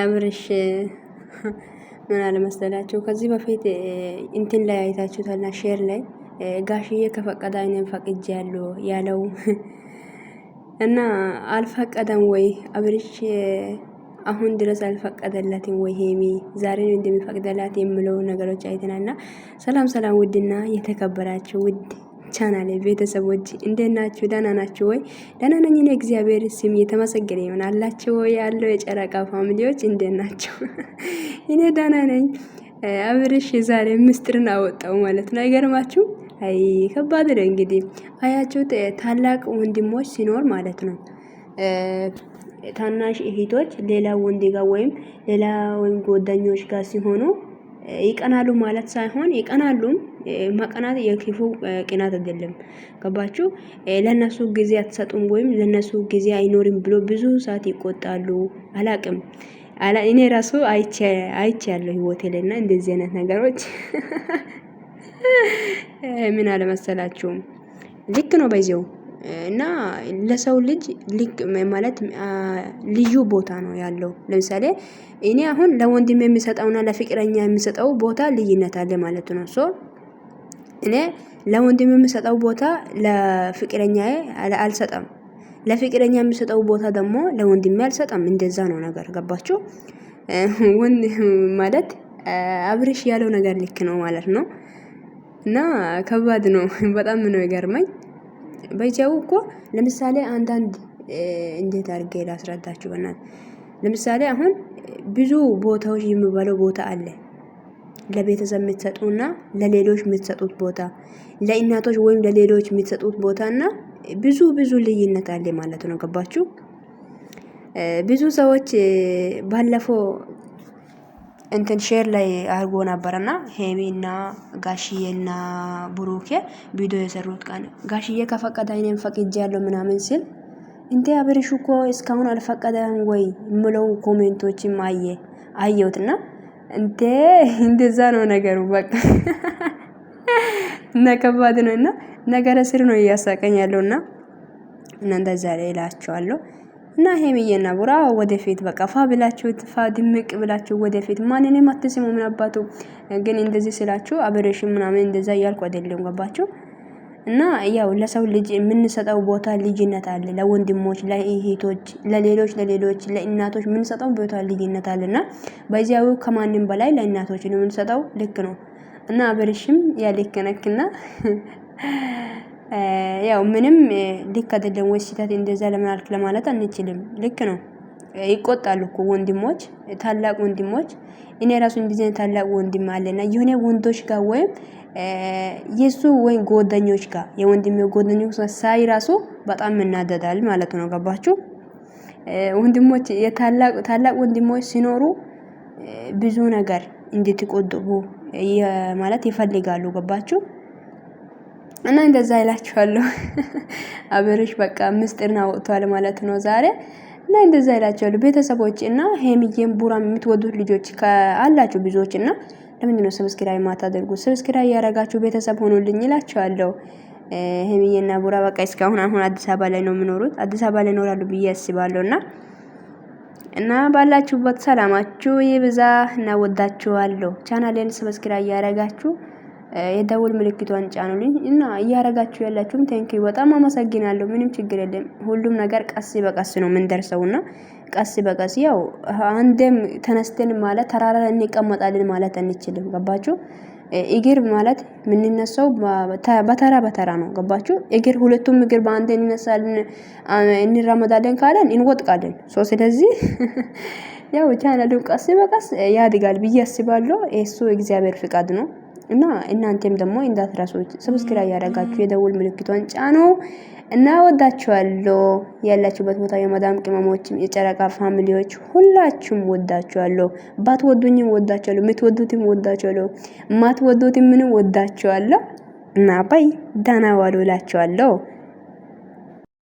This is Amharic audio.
አብርሽ ምን አለመሰላችሁ፣ ከዚህ በፊት እንትን ላይ አይታችሁታልና ሼር ላይ ጋሽዬ ከፈቀደ አይነን ፈቅጅ ያለው ያለው እና አልፈቀደም ወይ አብርሽ አሁን ድረስ አልፈቀደላትም ወይ ሄሚ ዛሬ ነው እንደሚፈቅደላት የምለው ነገሮች አይተናልና። ሰላም ሰላም፣ ውድና የተከበራችሁ ውድ ቻናል ቤተሰቦች እንዴት ናችሁ? ደህና ናችሁ ወይ? ደህና ነኝ እኔ እግዚአብሔር ስም የተመሰገነ ይሁን። አላችሁ ወይ ያለው የጨረቃ ፋሚሊዎች እንዴት እኔ ደህና ነኝ። አብርሽ ዛሬ ምስጢርን አወጣው ማለት ነው። አይገርማችሁ? አይ ከባድ ነው እንግዲህ አያችሁ፣ ታላቅ ወንድሞች ሲኖር ማለት ነው ታናሽ እህቶች ሌላ ወንድ ጋር ወይም ሌላ ወይም ጓደኞች ጋር ሲሆኑ ይቀናሉ ማለት ሳይሆን ይቀናሉ። መቀናት የክፉ ቅናት አይደለም። ገባችሁ? ለነሱ ጊዜ አትሰጡም ወይም ለነሱ ጊዜ አይኖርም ብሎ ብዙ ሰዓት ይቆጣሉ። አላቅም አላ እኔ ራሱ አይቼ አይቼ ያለው ህይወቴ ላይ እና እንደዚህ አይነት ነገሮች ምን አለመሰላችሁም ልክ ነው በዚው እና ለሰው ልጅ ልክ ማለት ልዩ ቦታ ነው ያለው። ለምሳሌ እኔ አሁን ለወንድም የሚሰጠውና ለፍቅረኛ የሚሰጠው ቦታ ልዩነት አለ ማለት ነው። ሶ እኔ ለወንድም የሚሰጠው ቦታ ለፍቅረኛ አልሰጠም። ለፍቅረኛ የሚሰጠው ቦታ ደግሞ ለወንድም አልሰጠም። እንደዛ ነው ነገር ገባችሁ? ወንድ ማለት አብርሽ ያለው ነገር ልክ ነው ማለት ነው። እና ከባድ ነው። በጣም ነው ይገርመኝ። በዚያው እኮ ለምሳሌ አንዳንድ እንዴት አድርጌ ላስረዳችሁ? በናት ለምሳሌ አሁን ብዙ ቦታዎች የሚባለው ቦታ አለ። ለቤተሰብ የምትሰጡና ለሌሎች የምትሰጡት ቦታ፣ ለእናቶች ወይም ለሌሎች የምትሰጡት ቦታና ብዙ ብዙ ልዩነት አለ ማለት ነው። ገባችሁ? ብዙ ሰዎች ባለፈው እንትን ሼር ላይ አድርጎ ነበረና ሄሜና ጋሽዬና ብሩኬ ቪዲዮ የሰሩት ቀን ጋሽዬ ከፈቀደ አይኔም ፈቅጄ ያለው ምናምን ሲል እንዴ አብርሽ እኮ እስካሁን አልፈቀደም ወይ ምለው ኮሜንቶችም አየ አየሁትና እንዴ እንደዛ ነው ነገሩ። በቃ እና ከባድ ነውና ነገረ ስር ነው እያሳቀኝ ያለው ና እናንተ ዛሬ ላቸዋለሁ። እና ሀይሚዬና ቡራ ወደፊት በቃ ፋ ብላችሁ ፋ ድምቅ ብላችሁ ወደፊት ማንንም አትስሙ። ምን አባቱ ግን እንደዚህ ስላችሁ አበሬሽን ምናምን እንደዛ እያልኩ አይደለም። ገባችሁ? እና ያው ለሰው ልጅ የምንሰጠው ቦታ ልጅነት አለ። ለወንድሞች፣ ለእህቶች፣ ለሌሎች ለሌሎች ለእናቶች የምንሰጠው ቦታ ልጅነት አለና በዚያው ከማንም በላይ ለእናቶች ነው የምንሰጠው። ልክ ነው እና አበሬሽም ነክና ያው ምንም ልክ አይደለም ወይ ስህተት እንደዛ ለምን አልክ ለማለት አንችልም። ልክ ነው። ይቆጣሉ እኮ ወንድሞች ታላቅ ወንድሞች እኔ ራሱ እንደዚህ ታላቅ ወንድም አለና የሆነ ወንዶች ጋር ወይም የሱ ወይም ጎደኞች ጋር የወንድሜ ጓደኞች ሳይ ራሱ በጣም እናደዳል ማለት ነው። ገባችሁ? ወንድሞች የታላቅ ታላቅ ወንድሞች ሲኖሩ ብዙ ነገር እንድትቆጥቡ ማለት ይፈልጋሉ። ገባችሁ? እና እንደዛ ይላችኋለሁ። አብርሽ በቃ ምስጢርን አውጥቷል ማለት ነው ዛሬ እና እንደዛ ይላችኋለሁ ቤተሰቦች። እና ሄሚዬን ቡራም የምትወዱት ልጆች አላችሁ ብዙዎች እና ለምንድን ነው ሰብስክራይ ማታደርጉ? ሰብስክራይ ያደረጋችሁ ቤተሰብ ሆኑልኝ ይላችኋለሁ። ሄሚዬና ቡራ በቃ እስካሁን አሁን አዲስ አበባ ላይ ነው የሚኖሩት። አዲስ አበባ ላይ ይኖራሉ ብዬ አስባለሁ እና እና ባላችሁበት ሰላማችሁ ይብዛ እና ወዳችኋለሁ። ቻናሌን ሰብስክራይ ያደረጋችሁ የደውል ምልክቷን ጫኑልኝ እና እያረጋችሁ ያላችሁም ቴንኪዩ በጣም አመሰግናለሁ። ምንም ችግር የለም። ሁሉም ነገር ቀስ በቀስ ነው የምንደርሰው እና ቀስ በቀስ ያው አንድም ተነስተን ማለት ተራራ እንቀመጣለን ማለት አንችልም። ገባችሁ? እግር ማለት የምንነሳው በተራ በተራ ነው። ገባችሁ? እግር ሁለቱም እግር በአንድ እንነሳለን እንራመዳለን ካለን እንወጥቃለን። ሶ ስለዚህ ያው ቻናሉ ቀስ በቀስ ያድጋል ብዬ አስባለሁ። እሱ እግዚአብሔር ፍቃድ ነው። እና እናንተም ደግሞ እንዳትረሱት ሰብስክራይብ ያደረጋችሁ የደውል ምልክቷን ጫኑ እና ወዳችኋለሁ። ያላችሁበት ቦታ የመዳም ቅመሞችም የጨረቃ ፋሚሊዎች ሁላችሁም ወዳችኋለሁ። ባትወዱኝም ወዳችኋለሁ፣ የምትወዱትም ወዳችኋለሁ፣ ማትወዱትም ምንም ወዳችኋለሁ እና ባይ ዳና ዋሉ እላችኋለሁ።